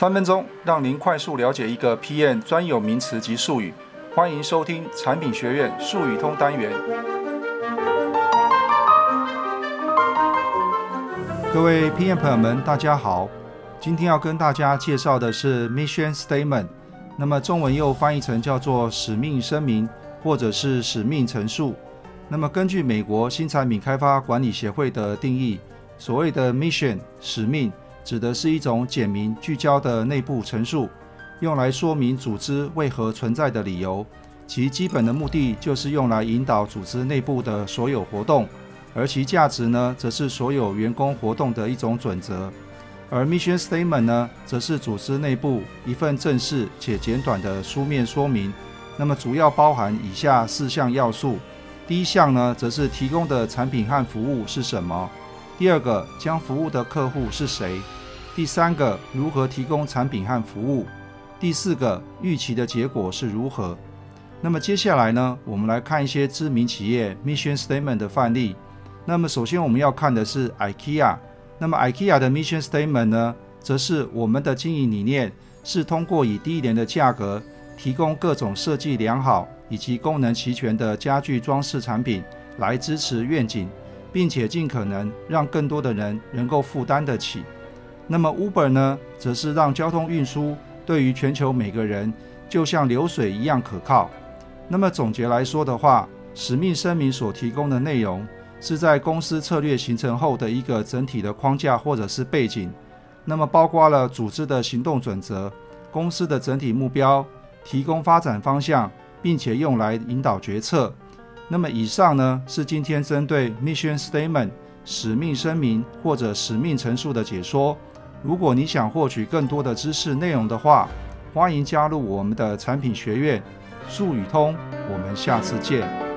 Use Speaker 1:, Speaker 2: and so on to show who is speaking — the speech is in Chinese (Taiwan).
Speaker 1: 三分鐘讓您快速了解一個 PM 專有名詞及術語，歡迎收聽產品學院術語通單元。各位 PM 朋友們，大家好，今天要跟大家介紹的是 mission statement，那麼中文又翻譯成叫做使命聲明或者是使命陳述。那麼根據美國新產品開發管理協會的定義，所謂的 mission 使命，指的是一種簡明聚焦的內部陳述，用來說明組織為何存在的理由。其基本的目的就是用來引導組織內部的所有活動，而其價值呢，則是所有員工活動的一種準則。而 Mission Statement 呢，則是組織內部一份正式且簡短的書面說明。那麼主要包含以下四項要素：第一項呢，則是提供的產品和服務是什麼；第二個，將服務的客戶是誰。第三個，如何提供產品和服務；第四個，預期的結果是如何。那麼接下來呢，我們來看一些知名企業 Mission Statement 的範例。那麼首先我們要看的是 IKEA。那麼 IKEA 的 Mission Statement 呢，則是我們的經營理念是通過以低廉的價格，提供各種設計良好以及功能齊全的家具裝飾產品，來支持願景，並且盡可能讓更多的人能夠負擔得起。那麼 Uber 呢，則是讓交通運輸對於全球每個人就像流水一樣可靠。那麼總結來說的話，使命聲明所提供的內容是在公司策略形成後的一個整體的框架或者是背景。那麼包括了組織的行動準則、公司的整體目標、提供發展方向，並且用來引導決策。那麼以上呢，是今天針對 Mission Statement 使命聲明或者使命陳述的解說。如果你想獲取更多的知識內容的話，歡迎加入我們的產品學院，數語通。我們下次見。